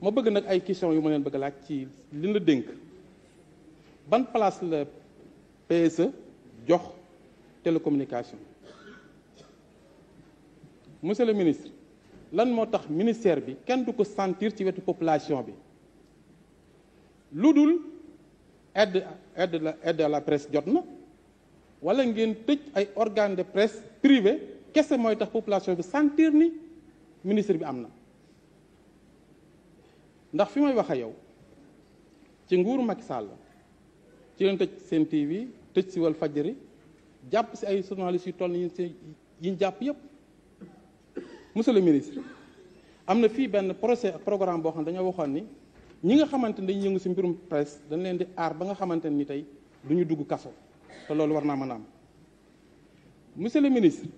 ma bëgg nag ay question yu ma leen bëgg laaj ci li la dénk ban place la PSE jox télécommunication monsieur le ministre lan moo tax ministère bi kenn du ko sentir ci wetu population bi lu dul aide aide la aide la presse jot na wala ngeen tëj ay organe de presse privé kese mooy tax population bi sentir ni ministre bi am na ndax fi may wax a yow ci nguuru mag Sall ci leen tëj seen TV tëj si wal fajari jàpp si ay journalistes yu toll nii yi jàpp yépp monsieur le ministre am na fii benn procès programme boo xam ne dañoo waxoon ni ñi nga xamante ne dañuy yëngu si mbirum presse dañ leen di aar ba nga xamante ni tey du ñu dugg kaso te loolu war naa mën a am monsieur le ministre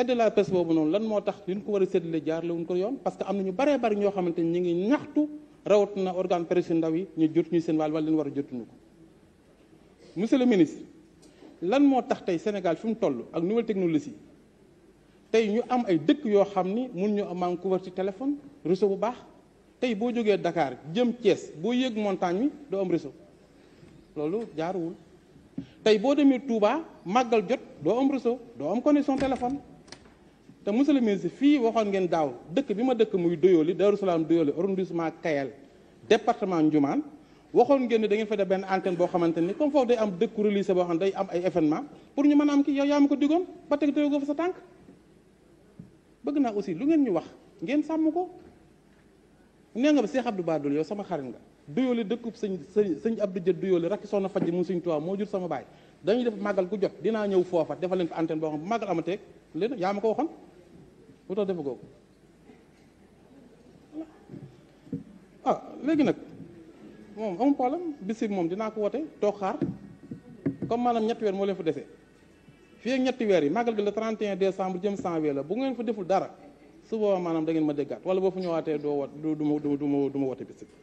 aide de la pêche boobu noonu lan moo tax li ñu ko war a séddale jaar la wuñ ko yoon parce que am na ñu baree bari ñoo xamante ni ñu ngi ñaxtu rawat na organe presse ndaw yi ñu jot ñu seen wàll wala leen war a jotuñu ko monsieur ministre lan moo tax tey Sénégal fi mu toll ak nouvelle technologie tey ñu am ay dëkk yoo xam ni mun ñu am couverture téléphone réseau bu baax tey boo jógee dakaar jëm cees boo yéeg montagne bi doo am réseau loolu jaaruwul tey boo demee Touba màggal jot doo am réseau doo am connexion téléphone te monsieur le ministre fii waxoon ngeen daaw dëkk bi ma dëkk muy Doyoli Darou Salaam Doyoli arrondissement Kayel département waxoon ngeen ne da ngeen fa benn antenne boo xamante ni comme foofu day am dëkku religieux boo xam ne day am ay événement pour ñu man am ki yow yaa ma ko digoon ba teg dégoo fa sa tànk bëgg naa aussi lu ngeen ñu wax ngeen sàmm ko nee nga ba Cheikh Abdou Badou yow sama xarit nga Doyoli sañ sëñ sëñ Abdou Dia Doyoli rakk soxna faj mu sëñ Tuubaa moo jur sama baay dañuy def màggal ku jot dinaa ñëw foofa defal leen fa antenne boo xam ne bu màggal amatee leen yaa ma ko waxoon lu tax defu ko ah léegi nag moom amul problème bis moom dinaa ko woote toog xaar comme maanaam ñetti weer moo leen fa dese fii ak ñetti weer yi nagal gi le 31 décembre jëm janvier la bu ngeen fa deful dara su boobaa maanaam da ngeen ma déggaat wala boo fu ñëwaatee doo wat du du du du ma woote bis bi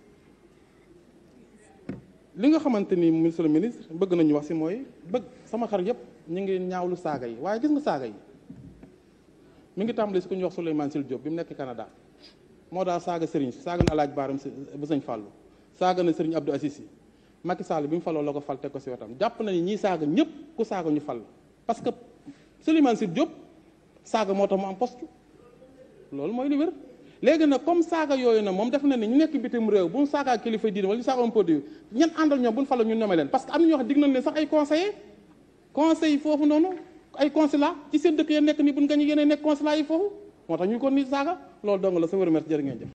li nga xamante ni monsieur le ministre bëgg nañu wax si mooy bëgg sama xar yëpp ñu ngi ñaawlu saaga yi waaye gis nga saaga yi. mi ngi tàmbali si ku ñuy wax Souleymane Sil Diop bi mu nekk Canada moo daal saaga sëriñ saaga na alaaj baaram bu sëñ Fallou saaga na sëriñ Abdou Assis yi Macky bi mu faloo la ko fal teg ko si wetam jàpp nañu ñi saaga ñëpp ku saaga ñu fal parce que Souleymane Sil Diop saaga moo tax mu am poste loolu mooy li wér léegi nag comme saaga yooyu na moom def na ni ñu nekk bitim réew bu mu saagaa kilifa diine wala ñu saaga un produit ñan àndal ñoom bu ñu faloo ñu nome leen parce que am na ñoo xam na nañ sax ay conseiller conseil foofu noonu ay consulat ci seen dëkk ya nekk ni buñ gañu yeneen nekk consulat yi foofu moo tax ñu ko ni saaga loolu dong la sa wér merci jërë ngeen jëf